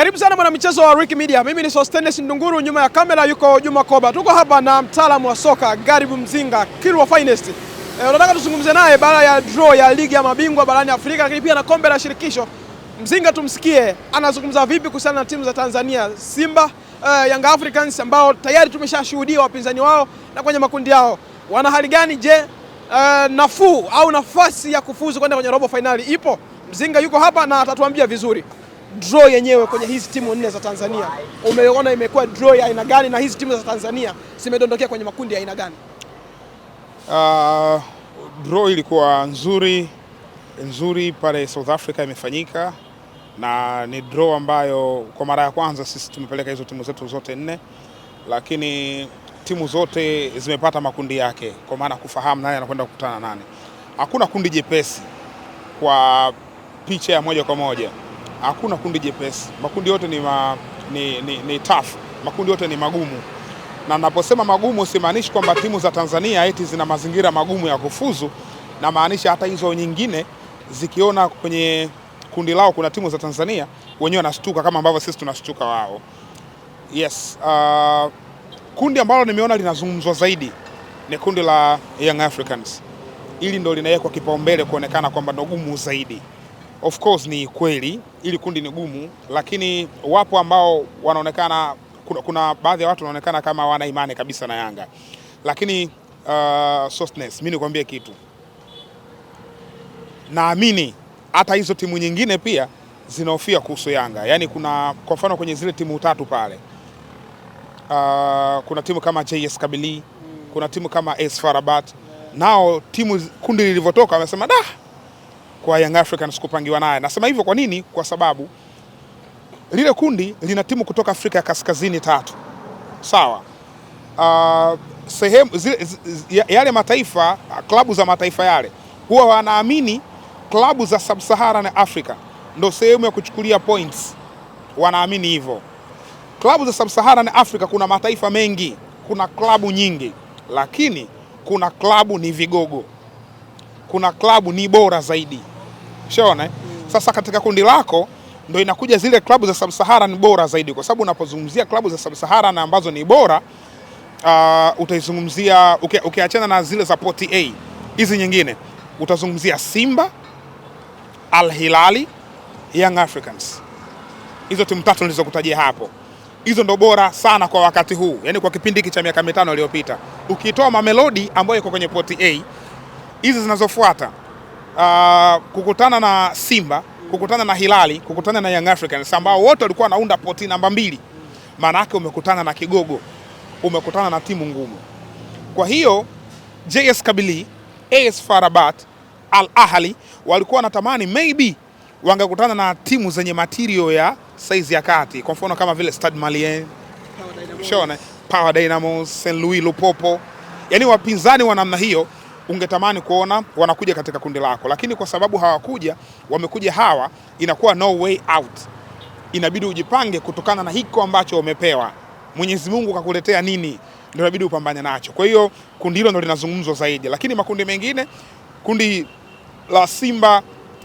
Karibu sana mwana michezo wa Rick Media. Mimi ni Sostenes Ndunguru, nyuma ya kamera yuko Juma Koba. Tuko hapa na mtaalamu wa soka Garibu Mzinga, Kilwa Finest. E, unataka tuzungumze naye baada ya draw ya ligi ya mabingwa barani Afrika lakini pia na kombe la shirikisho. Mzinga, tumsikie anazungumza vipi kuhusiana na timu za Tanzania Simba, uh, Young Africans ambao tayari tumeshashuhudia wapinzani wao na kwenye makundi yao wana hali gani? Je, uh, nafuu au nafasi ya kufuzu kwenda kwenye robo finali ipo? Mzinga yuko hapa na atatuambia vizuri draw yenyewe kwenye hizi timu nne za Tanzania umeona imekuwa draw ya aina gani, na hizi timu za Tanzania zimedondokea kwenye makundi ya aina gani? Uh, draw ilikuwa nzuri nzuri pale South Africa imefanyika, na ni draw ambayo kwa mara ya kwanza sisi tumepeleka hizo timu zetu zote nne, lakini timu zote zimepata makundi yake, kwa maana kufahamu nani anakwenda kukutana nani. Hakuna kundi jepesi kwa picha ya moja kwa moja hakuna kundi jepesi, makundi yote ni, ma, ni, ni, ni tough, makundi yote ni magumu. Na naposema magumu simaanishi kwamba timu za Tanzania eti zina mazingira magumu ya kufuzu, na maanisha hata hizo nyingine zikiona kwenye kundi lao kuna timu za Tanzania, wenyewe wanastuka kama ambavyo sisi tunashtuka wao. Yes, uh, kundi ambalo nimeona linazungumzwa zaidi ni kundi la Young Africans. Hili ndo linawekwa kipaumbele kuonekana kwamba ndo gumu zaidi. Of course ni kweli ili kundi ni gumu, lakini wapo ambao wanaonekana kuna, kuna baadhi ya watu wanaonekana kama wana imani kabisa na Yanga, lakini uh, softness, mimi nikwambie kitu, naamini hata hizo timu nyingine pia zinahofia kuhusu Yanga. Yaani kuna kwa mfano kwenye zile timu tatu pale uh, kuna timu kama JS Kabili, kuna timu kama AS FAR Rabat, nao timu kundi lilivyotoka wamesema da kwa Young Africans kupangiwa naye. Nasema hivyo kwa nini? Kwa sababu lile kundi lina timu kutoka Afrika ya Kaskazini tatu, sawa. Uh, sehemu yale mataifa, klabu za mataifa yale huwa wanaamini klabu za Sub-Saharan Africa ndo sehemu ya kuchukulia points, wanaamini hivyo. Klabu za Sub-Saharan Africa kuna mataifa mengi, kuna klabu nyingi, lakini kuna klabu ni vigogo, kuna klabu ni bora zaidi. Ushaona Mm. Eh? Sasa katika kundi lako ndo inakuja zile klabu za Sub-Sahara ni bora zaidi, kwa sababu unapozungumzia klabu za Sub-Sahara na ambazo ni bora uh, utaizungumzia ukiachana okay, okay, na zile za poti A hizi nyingine, utazungumzia Simba, Al Hilali, Young Africans. Hizo timu tatu nilizokutajia hapo, hizo ndo bora sana kwa wakati huu, yani kwa kipindi hiki cha miaka mitano iliyopita. Ukitoa Mamelodi ambayo iko kwenye poti A, hizi zinazofuata uh, kukutana na Simba, kukutana na Hilali, kukutana na Young Africans ambao wote walikuwa wanaunda poti namba mbili, maana yake umekutana na kigogo, umekutana na timu ngumu. Kwa hiyo JS Kabili, AS Farabat, Al Ahli walikuwa wanatamani maybe wangekutana na timu zenye material ya saizi ya kati, kwa mfano kama vile Stade Malien, Power Dynamo, Power Dynamo, St Louis Lupopo, yaani wapinzani wa namna hiyo ungetamani kuona wanakuja katika kundi lako, lakini kwa sababu hawakuja, wamekuja hawa, inakuwa no way out. Inabidi ujipange kutokana na hiko ambacho umepewa. Mwenyezi Mungu kakuletea nini, ndio inabidi upambane nacho. Kwa hiyo kundi hilo ndio linazungumzwa zaidi, lakini makundi mengine, kundi la Simba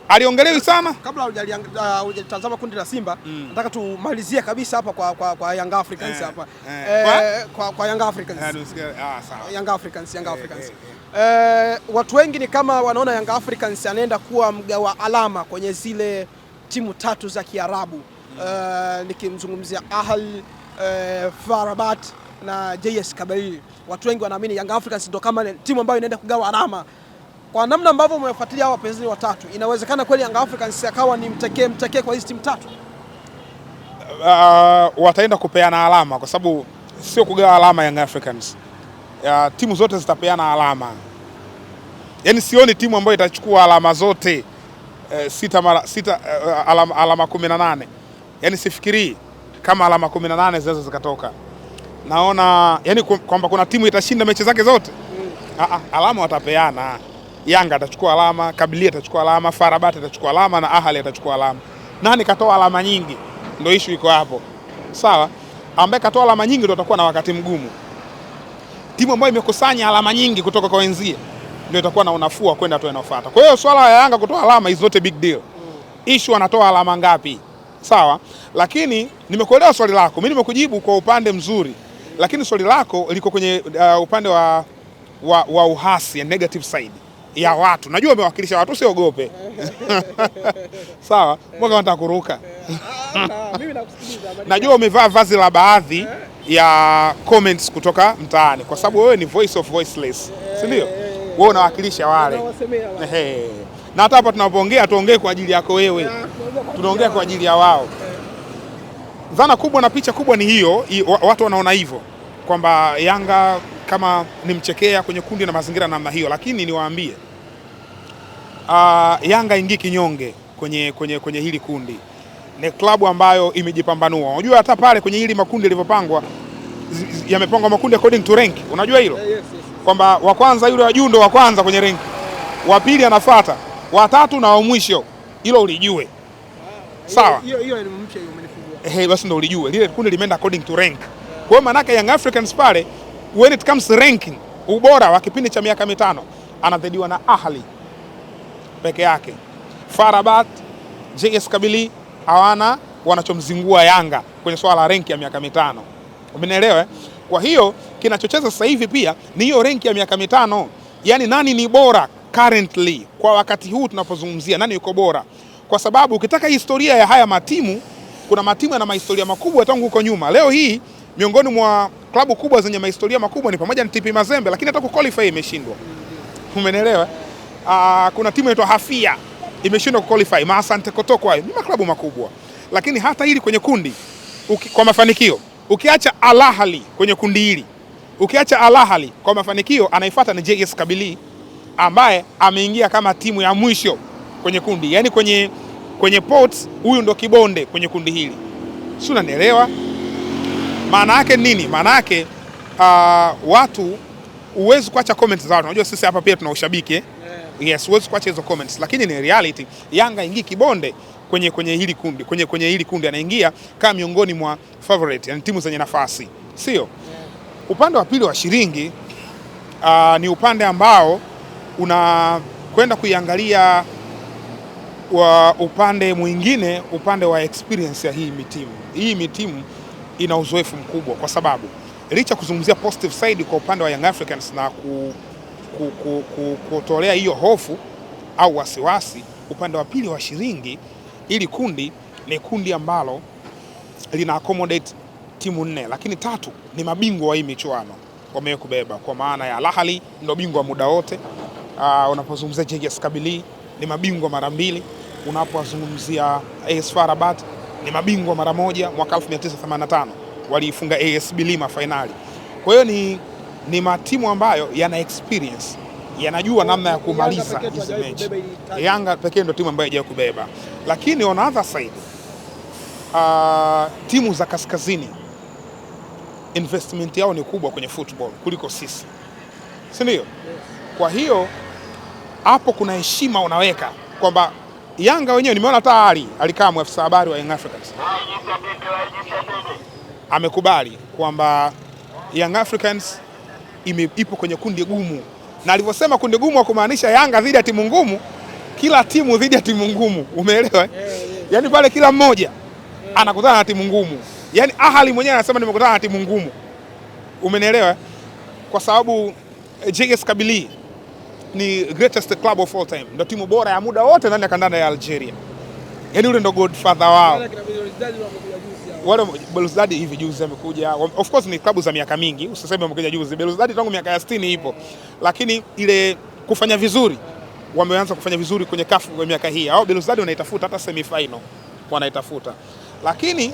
aliongelewi sana kabla uh, hujatazama kundi la Simba. Mm. Nataka tumalizie kabisa hapa kwa kwa kwa Young Africans eh, hapa eh. eh, kwa kwa Young Africans ah, ah sawa Young Africans Young eh, Africans eh, watu wengi ni kama wanaona Young Africans anaenda kuwa mgawa alama kwenye zile timu tatu za Kiarabu. Mm. Eh, nikimzungumzia Ahli eh, Farabat na JS Kabylie. Watu wengi wanaamini Young Africans ndio kama timu ambayo inaenda kugawa alama kwa namna ambavyo umewafuatilia hawa wapenzi watatu, inawezekana kweli Young Africans akawa ni mtekee mtekee kwa hizi timu tatu. Uh, wataenda kupeana alama kwa sababu sio kugawa alama Young Africans. Uh, timu zote zitapeana alama, yaani sioni timu ambayo itachukua alama zote uh, sita mara, sita, uh, alama, alama kumi na nane yaani sifikirii kama alama kumi na nane zinaweza zikatoka. Naona yaani kwamba kuna timu itashinda mechi zake zote mm. A ah, -a, ah, alama watapeana. Yanga atachukua alama, Kabilia atachukua alama, Farabat atachukua alama na Ahali atachukua alama. Nani katoa alama nyingi? Ndio issue iko hapo, sawa. Ambaye katoa alama nyingi ndio atakuwa na wakati mgumu. Timu ambayo imekusanya alama nyingi kutoka kwa wenzie ndio itakuwa na unafua kwenda tu inayofuata. Kwa hiyo swala ya Yanga kutoa alama is not a big deal. Issue anatoa alama ngapi? Sawa, lakini nimekuelewa swali lako, mimi nimekujibu kwa upande mzuri, lakini swali lako liko kwenye uh, upande wa, wa, wa uhasi, negative side ya watu, najua umewakilisha watu, usiogope. Sawa, mwaka nataka kuruka. Najua umevaa vazi la baadhi ya comments kutoka mtaani, kwa sababu wewe ni voice of voiceless, si ndio? Wewe unawakilisha wale, na hata hapa tunapoongea tuongee kwa ajili yako wewe, tunaongea kwa ajili ya wao. Dhana kubwa na picha kubwa ni hiyo, watu wanaona hivyo kwamba Yanga kama nimchekea kwenye kundi na mazingira namna hiyo, lakini niwaambie uh, Yanga ingii kinyonge kwenye, kwenye, kwenye hili kundi. Ni klabu ambayo imejipambanua. Unajua hata pale kwenye hili makundi yalivyopangwa, yamepangwa makundi according to rank. Unajua hilo yeah, yes, yes, yes. Kwamba wa kwanza yule wa juu ndo wa kwanza kwenye rank, wa pili anafuata, wa tatu na wa mwisho. Hilo ulijue wow. Ah, Sawa, hiyo hiyo eh, Hey, basi ndo ulijue lile kundi limeenda according to rank. Kwa maana maanake Young Africans pale when it comes ranking, ubora wa kipindi cha miaka mitano anadhidiwa na Ahli peke yake. Farabat, JS Kabili hawana wanachomzingua Yanga kwenye swala la renki ya miaka mitano, umenielewa eh? Kwa hiyo kinachocheza sasa hivi pia ni hiyo renki ya miaka mitano, yaani nani ni bora currently, kwa wakati huu tunapozungumzia nani yuko bora, kwa sababu ukitaka historia ya haya matimu, kuna matimu yana mahistoria makubwa tangu huko nyuma. Leo hii miongoni mwa klabu kubwa zenye mahistoria makubwa ni pamoja na TP Mazembe, lakini hata qualify imeshindwa, umenielewa eh? uh, kuna timu inaitwa Hafia imeshindwa kuqualify, Asante Kotoko, hayo ni maklabu makubwa. Lakini hata hili kwenye kundi uki, kwa mafanikio ukiacha Al Ahly kwenye kundi hili ukiacha Al Ahly kwa mafanikio, anaifuata ni JS Kabili ambaye ameingia kama timu ya mwisho kwenye kundi, yaani kwenye kwenye ports, huyu ndo kibonde kwenye kundi hili, si unanielewa? Maana yake nini? Maana yake uh, watu huwezi kuacha comment za watu. Unajua sisi hapa pia tuna ushabiki eh? yes, huwezi kuacha hizo comments, lakini ni reality. Yanga ingii kibonde kwenye kwenye hili kundi kwenye kwenye hili kundi anaingia kama miongoni mwa favorite, yani timu zenye nafasi, sio upande wa pili wa shilingi. Uh, ah, ni upande ambao unakwenda kuiangalia wa upande mwingine, upande wa experience ya hii mitimu. Hii mitimu ina uzoefu mkubwa, kwa sababu licha kuzungumzia positive side kwa upande wa Young Africans na ku kutolea hiyo hofu au wasiwasi upande wa pili wa shilingi. Ili kundi ni kundi ambalo lina accommodate timu nne, lakini tatu ni mabingwa wa hii michuano wamekubeba, kwa maana ya Al Ahly ndio bingwa muda wote. Uh, unapozungumzia JS Kabylie ni mabingwa mara mbili, unapozungumzia AS FAR Rabat ni mabingwa mara moja, mwaka 1985 waliifunga AS Bilima fainali. Kwa hiyo ni ni matimu ambayo yana experience yanajua namna ya kumaliza hizi mechi. Yanga pekee ndio timu ambayo haijawahi kubeba, lakini on other side uh, timu za kaskazini investment yao ni kubwa kwenye football kuliko sisi, si ndio? Kwa hiyo hapo kuna heshima unaweka kwamba Yanga wenyewe nimeona hata Ali Alikamu, afisa habari wa Young Africans, amekubali kwamba Young Africans ime, ipo kwenye kundi gumu, na alivyosema kundi gumu akumaanisha Yanga dhidi ya timu ngumu, kila timu dhidi ya timu ngumu, umeelewa eh? yeah, yeah. Yaani pale kila mmoja yeah, anakutana na timu ngumu. Yaani Ahali mwenyewe anasema nimekutana na timu ngumu, umenielewa? Eh? Kwa sababu eh, JS Kabylie ni greatest club of all time, ndio timu bora ya muda wote ndani ya kandanda ya Algeria, yaani ule ndio godfather wao wale Belouizdad hivi juzi amekuja. Of course ni klabu za miaka mingi, usiseme amekuja juzi. Belouizdad tangu miaka ya 60 ipo, lakini ile kufanya vizuri wameanza kufanya vizuri kwenye kafu kwa miaka hii. Hao Belouizdad wanaitafuta hata semi final wanaitafuta, lakini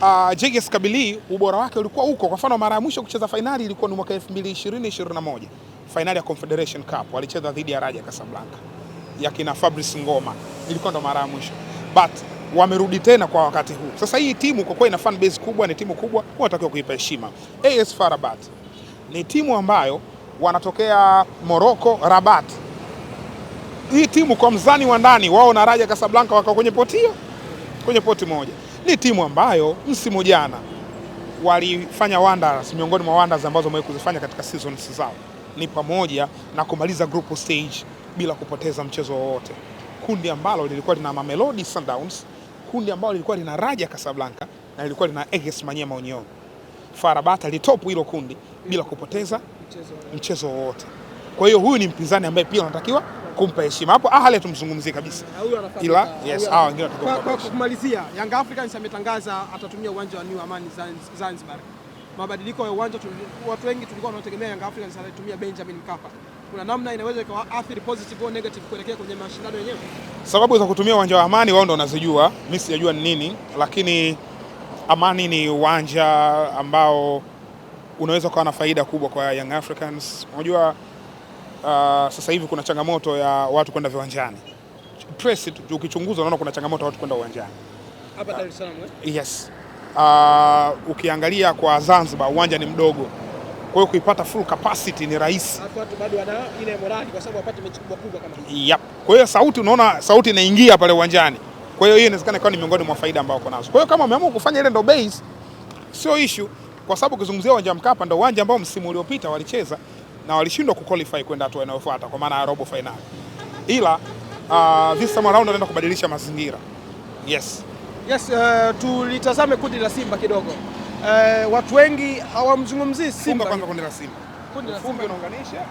uh, ah, JS Kabili ubora wake ulikuwa huko. Kwa mfano mara ya mwisho kucheza finali ilikuwa ni mwaka 2020 2021 finali ya Confederation Cup walicheza dhidi ya Raja Casablanca yakina Fabrice Ngoma, ilikuwa ndo mara ya mwisho but wamerudi tena kwa wakati huu. Sasa hii timu kwa kweli ina fan base kubwa, ni timu kubwa, wanatakiwa kuipa heshima. AS FAR Rabat ni timu ambayo wanatokea Morocco, Rabat. Hii timu kwa mzani wa ndani wao na Raja Casablanca wako kwenye poti hiyo, kwenye poti moja. Ni timu ambayo msimu jana walifanya wonders, miongoni mwa wonders ambazo wamewahi kuzifanya katika seasons zao ni pamoja na kumaliza group stage bila kupoteza mchezo wowote, kundi ambalo lilikuwa lina Mamelodi Sundowns kundi ambalo lilikuwa lina Raja Casablanca na lilikuwa lina AS Manyema Union. FAR Rabat litopu hilo kundi bila kupoteza mchezo wowote. Kwa hiyo huyu ni mpinzani ambaye pia unatakiwa kumpa heshima. Hapo Ahale tumzungumzie kabisa. Ila yes, hao wengine watakuwa. Kwa kumalizia, Young Africans ametangaza atatumia uwanja wa New Amani Zanzibar. Mabadiliko ya uwanja, watu wengi tulikuwa tunategemea Young Africans atatumia Benjamin Mkapa kuna namna inaweza athiri positive au negative kuelekea kwenye mashindano yenyewe? Sababu za kutumia uwanja wa Amani wao ndo wanazijua, mimi sijajua ni nini, lakini Amani ni uwanja ambao unaweza ukawa na faida kubwa kwa Young Africans. Unajua uh, sasa hivi kuna changamoto ya watu kwenda viwanjani, press ukichunguza unaona kuna changamoto ya watu kwenda uwanjani hapa Dar es Salaam. Eh? Yes. Uh, ukiangalia kwa Zanzibar uwanja ni mdogo kwa hiyo kuipata full capacity ni rahisi. Yep. Kwa hiyo sauti, unaona sauti inaingia pale uwanjani. Kwa hiyo hiyo inawezekana ikawa ni miongoni mwa faida ambayo uko nazo. Kwa hiyo kama umeamua kufanya ile ndo base, sio issue, kwa sababu ukizungumzia uwanja Mkapa ndo uwanja ambao msimu uliopita walicheza na walishindwa kuqualify kwenda hatua inayofuata kwa maana ya robo final. Ila uh, this time around anaenda kubadilisha mazingira. Yes. Yes, uh, tulitazame kundi la Simba kidogo eh, watu wengi hawamzungumzii Simba. Kwanza kundi la Simba, kundi la Simba unaunganisha